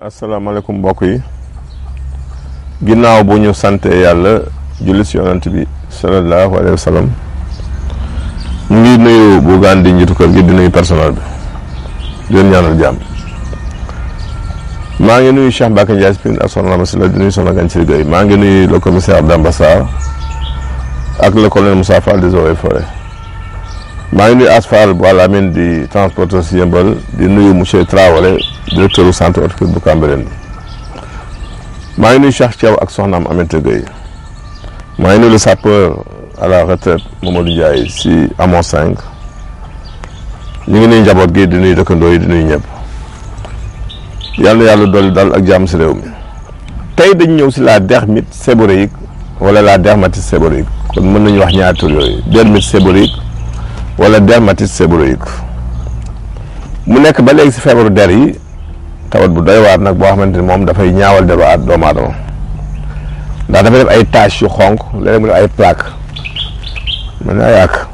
asalaamaaleykum mbokk yi ginnaaw bu ñu sante yàlla julli si yonant bi salallaahu alayhi wa mu ngi nuyu Bougane di njiitu kër gi di nuyu personnel bi di leen maa ngi nuyu Cheikh Mbacke Ndiaye Spine ak soxna Rama Sylla di nuyu soxna Gane Gueye maa ngi nuyu le commissaire Damba Sarr ak le colonel Moussa Fall des eaux et maa ngi nuyu Asfaal bu Alamine di transporteur si yëmbal di nuyu monsieur Traoré directeur centre horticole bu Cambérène maa ngi nuyu Cheikh Thiaw ak soxnaam Aminata Gueye maa ngi nuyu le sapeur à la retraite Mamadou Ndiaye si Amon 5 ñu ngi nuyu njaboot gi di nuyu dëkkandoo yi di nuyu ñëpp yàlla na yàlla dolli dal ak jàmm si réew mi tey dañu ñëw si la dermite séborréique wala la dermatite séborréique kon mën nañu wax ñaari tur yooyu dermite séborréique wala dermatite séborroïque mu nekk ba léegi si feebaru der yi tawat bu doy waar nag boo xamante ni moom dafay ñaawal deru at doomu aadama ndax dafa def ay taches yu xonq léeg mu def ay plaque mën naa yàq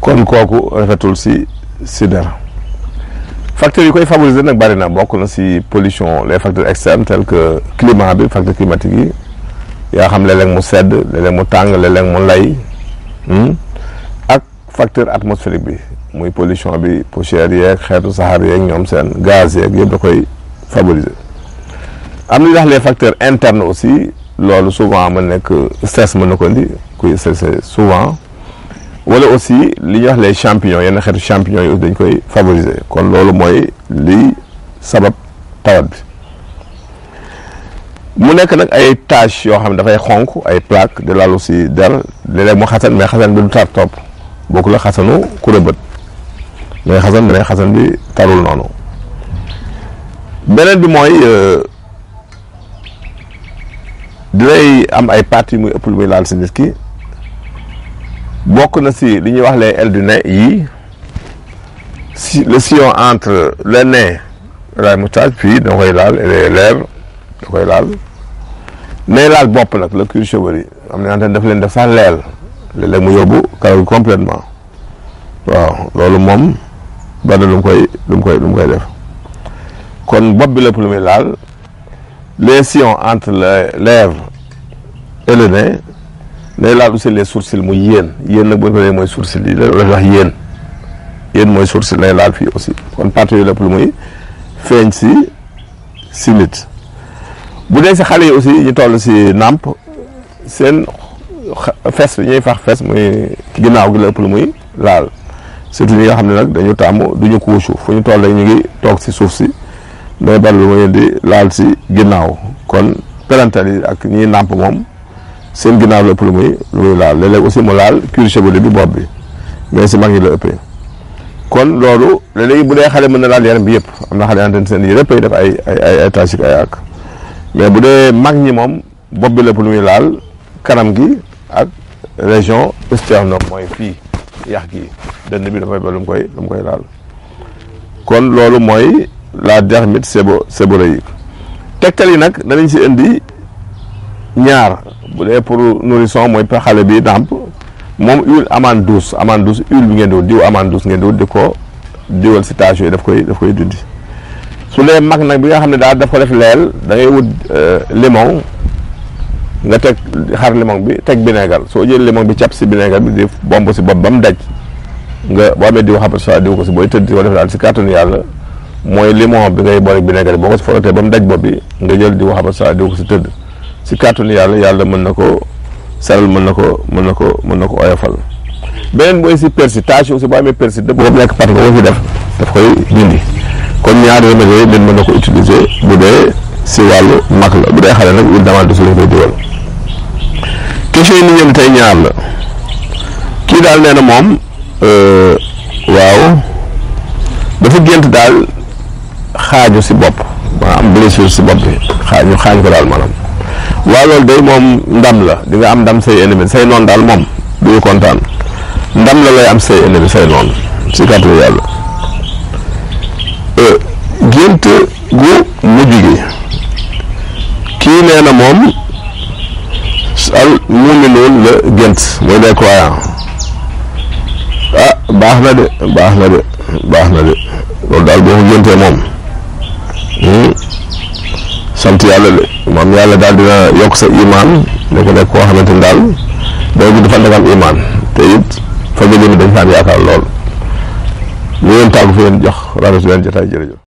kon kooku rafetul si si der facteurs yi koy favoriser nag bari na bokk na si pollution les facteurs externes tels que climat bi facteur climatique yi yaa xam léeg mu sedd léeg mu tàng léeg mu lay hmm? facteur atmosphérique bi muy pollution bi poussière yeeg xeetu saxaar yeeg ñoom seen gaz yeeg yëpp da koy favoriser am na ñuy wax les facteurs internes aussi loolu souvent ma nekk stress mën na ko ni kuy stressé souvent walla aussi li ñuy wax les champignons yenn xeetu champignons yi dañ koy favoriser kon loolu mooy liy sabab tawat bi mu nekk nag ay taches yoo xam ne dafay xonk ay plaques di laal aussi der léeg-léeg mu xasan mais xasan bi du tar topp. bokk la xasanu ku rëbët mais xasan ne xasan bi tarul noonu beneen bi mooy euh, dinay am ay parti muy ëpp lu muy laal si nit ki bokk na si li ñuy wax les ailes du nez yii si le sillon entre le nez la moustache puis da koy laal et les koy laal nay laal bopp nag la cuir chevelu am na yoo daf leen def sax leel léeg-léeg mu yóbbu karaw gi complètement waaw loolu moom bari na lu mu koy lu mu koy lu mu koy def kon bopp bi lépp lu muy laal les sillons entre les lèvres et le nez day laal aussi les sourcils mu yéen yéen nag bu ñu ko defee mooy sourcil yi la wax yéen yéen mooy sourcil lay laal fii aussi kon partie lépp lu muy feeñ si si nit bu dee si xale yi aussi ñu toll si nàmp seen fes bi ñuy fax fes muy ginnaaw gi la ëpp lu muy laal surtout ñi nga xam ne nag dañu tàmm duñu ñu fu ñu toll ñu ngi toog si suuf si day bari lu muy di laal si ginnaaw kon parental yi ak ñiy nàmp moom seen ginnaaw la ëpp lu muy lu muy laal léeg-léeg aussi mu laal cuir chevelu bi bopp bi mais si mag ñi la ëppee kon loolu léeg-léeg bu dee xale mën na laal yaram bi yëpp am na xale yoo xamante seen yëpp ay def ay ay ay tâche ay ak mais bu dee mag ñi moom bop bi la lu muy laal kanam gi. ak région externe mooy fii yax gi dënn bi dafay ba lu mu koy lu laal kon loolu mooy la dermite sébo séborréique tegtal yi nag na danañ si indi ñaar bu dee pour nourrisson mooy pa xale bi nàmp moom huile amande douce amande douce huile bi ngeen di wut diw amande douce ngeen di wut di ko diwal si tâche daf koy daf koy dindi su dee mag nag bi nga xam ne daal daf ko def leel da wut euh, limon nga tek xar limon bi tek binegal so jël limon bi ciap ci binegal bi di bombo ci bob bam daj nga bo amé diw xabar sa diw ko ci boy teud di wala dal ci carton yalla moy limon bi ngay boole binegal boko ci foroté bam daj bob bi nga jël diw xabar sa diw ko ci teud ci carton yalla yalla mën nako saral mën nako mën nako mën nako oyofal benen boy ci persi tâche aussi bo amé persi de bob nek pat ko fi def daf koy dindi kon ñaari remède yoy den mën nako utiliser bu dé ci walu mak la bu dé xalé nak dama du ci lay diwal question yi ñu jël tey ñaar la kii daal nee na moom euh, waaw dafa gént daal xaaju si bopp maanaam am blessure si bopp bi xaaju xaañ ko daal maanaam waaw loolu day moom ndam la di nga am ndam say ennemi say noon daal moom du ñu kontaan ndam la lay am say ennemi say noon si kàttanu yàlla euh, gént gu mujj gi kii nee na moom al muminuun la gént mooy les croyants ah baax na de baax na de baax na de loolu daal boo ko géntee moom hmm? sant yàlla de moom yàlla daal dina yokk sa imaan ne ko nekk koo xamante ni daal doo ji dafa ndegam imaan te it fa nga jëm dañ fa am yaakaar lool ñu leen tàggu fi leen jox rajo si leen jotaay jërëjëf